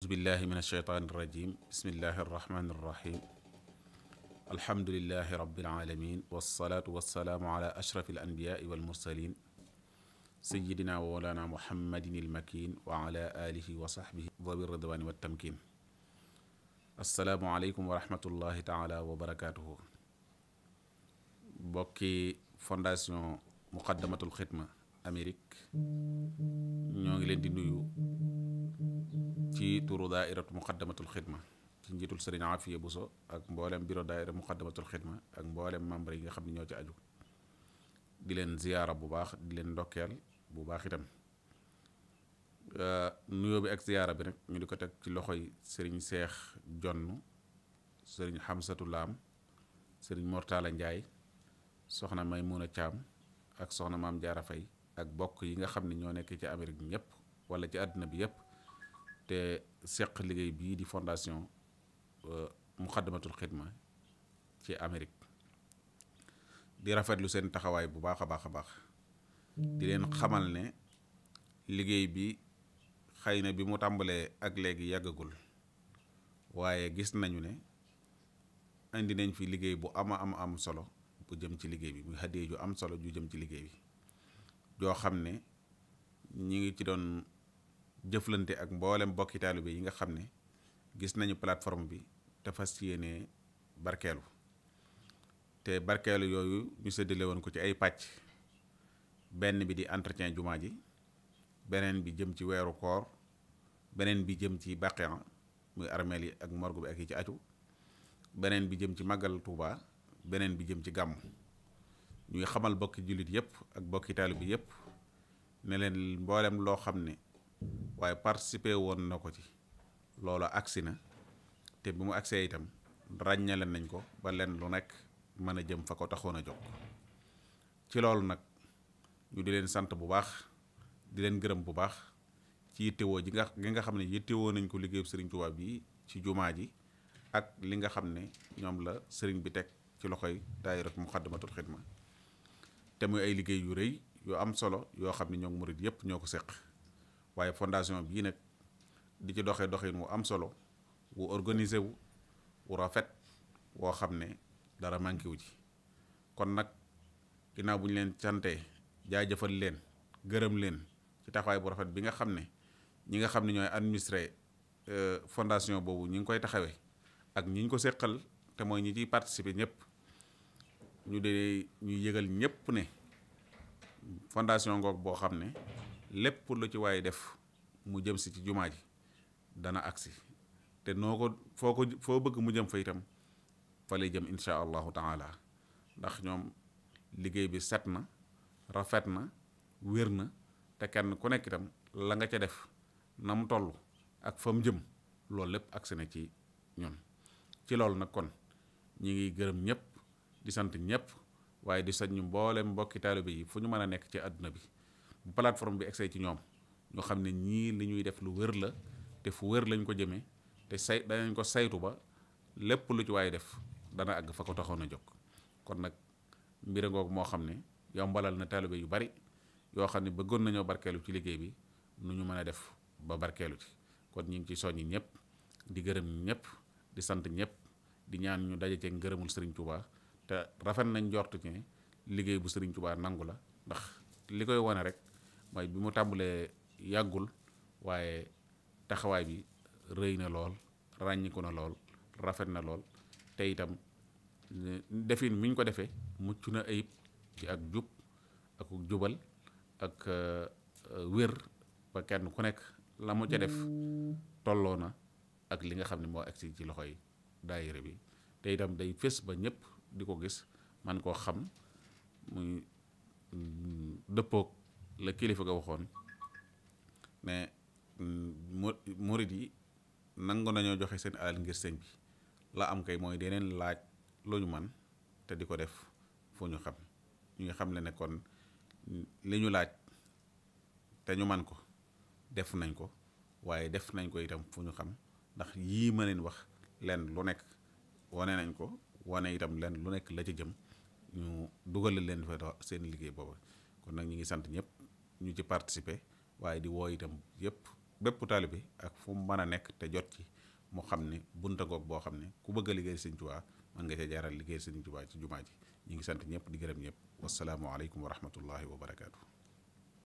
أعوذ بالله من الشيطان الرجيم بسم الله الرحمن الرحيم الحمد لله رب العالمين والصلاة والسلام على أشرف الأنبياء والمرسلين سيدنا وولانا محمد المكين وعلى آله وصحبه ذوي الرضوان والتمكين السلام عليكم ورحمة الله تعالى وبركاته بوكي فونداسيون مقدمة الخدمة أمريك ñoo ngi leen di nuyu ci turu daairatu muqaddamatul xidma ci njiitul sëriñ Afiya Buso ak mboolem bureau daaira muqaddamatul xidma ak mboolem membre yi nga xam ne ñoo ci aju di leen ziyaara bu baax di leen ndokkeel bu baax itam euh, nuyoo bi ak ziyaara bi nag ñu di ko teg ci loxo yi sëriñ Seex Jonn sëriñ Xamsatu Laam sëriñ Mortala Njaay soxna Maymuna Caam ak soxna Maam Jaara Fay ak bokk yi nga xam ne ñoo nekkee ci Amérique ñëpp wala ci àddina bi yëpp te seq liggéey bii di fondation euh, muxaddamatul xidma ci Amérique di rafetlu seen taxawaay bu baax a baax a baax di leen xamal ne liggéey bi xëy na bi mu tàmbalee ak léegi yàggagul waaye gis nañu ne indi nañ fi liggéey bu ama am am solo bu jëm ci liggéey bi muy xaddee ju am solo ju jëm ci liggéey bi joo xam ne ñi ngi ci doon jëflante ak mboolem bokki bi yi nga xam ne gis nañu plateforme bi te fas yéene barkeelu te barkeelu yooyu ñu séddale woon ko ci ay pàcc benn bi di entretien jumaa ji beneen bi jëm ci weeru koor beneen bi jëm ci bàqiyan muy armeel yi ak morgue bi ak yi ci aju beneen bi jëm ci màggal Tuuba beneen bi jëm ci gàmm ñuy xamal bokki jullit yépp ak bokki bi yépp ne mboolem loo xam ne waaye participer woon na ko ci loolu agsi na te bi mu agsee itam ràññale nañ ko ba lenn lu nekk mën a jëm fa ko taxoon a jóg ci loolu nag ñu di leen sant bu baax di leen gërëm bu baax ci yittewoo ji nga gi nga xam ne yittewoo nañ ko liggéeyub sëriñ Tuubaa bi ci jumaa ji ak li nga xam ne ñoom la sëriñ bi teg ci loxoy daayira Muxaddamatul Xidma te muy ay liggéey yu rëy yu am solo yoo xam ne ñoom murit yépp ñoo ko seq waaye fondation bii nag di ci doxee doxin wu am solo wu organisé wu wu rafet woo xam ne dara manqué wu ci kon nag ginnaaw bu ñu leen cantee jaajëfal leen gërëm leen ci taxawaay bu rafet bi nga xam ne ñi nga xam ne ñooy administré euh, fondation boobu ñu ngi koy taxawee ak ñi ñu ko séqal te mooy ñu ci participer ñëpp ñu de ñuy yëgal ñëpp ne fondation ngoog boo xam ne lépp lu ci waaye def mu jëm si ci jumaa ji dana agsi te noo ko foo ko foo bëgg mu jëm fa itam fa lay jëm insha allahu taala ndax ñoom liggéey bi set na rafet na wér na te kenn ku nekk itam la nga ca def na mu toll ak fa mu jëm loolu lépp agsi na ci ñun ci loolu nag kon ñi ngi gërëm ñëpp di sant ñëpp waaye di sañ ñu mboolem mbokki taalibe yi fu ñu mën a nekk ci àdduna bi bu plateforme bi egsee ci ñoom ñu xam ne ñii li ñuy def lu wër la te fu wër lañ ko jëmee te say danañ ko saytu ba lépp lu ci waaye def dana àgg fa ko taxoon a jóg kon nag mbir ngoog moo xam ne yombalal na taalibe yu bari yoo xam ne bëggoon nañoo barkeelu ci liggéey bi nu ñu mën a def ba barkeelu ci kon ñu ngi ciy soññi ñëpp di gërëm ñëpp di sant ñëpp di ñaan ñu daje cee ngërëmul sëriñ Touba te rafet nañ jortu ci liggéey bu sëriñ Touba nangu la ndax li koy wane rek. mooy bi mu tàmbalee yàggul waaye taxawaay bi rëy na lool ràññiku na lool rafet na lool te itam defin mi ko defee mucc na ayib ci ak jub ak jubal ak euh, euh, wér ba kenn ku nekk la mu ca def tolloo na ak li nga xam ne moo agsi ci loxoy daayira bi te itam day fés ba ñëpp di ko gis man koo xam muy mm, dëppook la kilifa ga waxoon ne murid yi nangu nañoo joxe seen alal ngir sëñ bi la am kay mooy deneen laaj lu ñu man te di ko def fu ñu xam ñu ngi xam le ne kon li ñu laaj te ñu man ko def nañ ko waaye def nañ ko itam fu ñu xam ndax yii ma leen wax leen lu nekk wane nañ ko wane itam leen lu nekk la ci jëm ñu dugalal leen fa seen liggéey booba kon nag ñu ngi sant ñëpp ñu ci participer waaye di woo itam yëpp bépp taalibe ak fu mu mën a nekk te jot ci mu xam ne bunta goog boo xam ne ku bëgg a liggéey Sëñ Tuubaa mën nga cee jaaral liggéey Sëñ Tuubaa ci jumaa ji ñu ngi sant ñëpp di gërëm ñëpp wasalaamualeykum wa rahmatullahi wa barakaatu.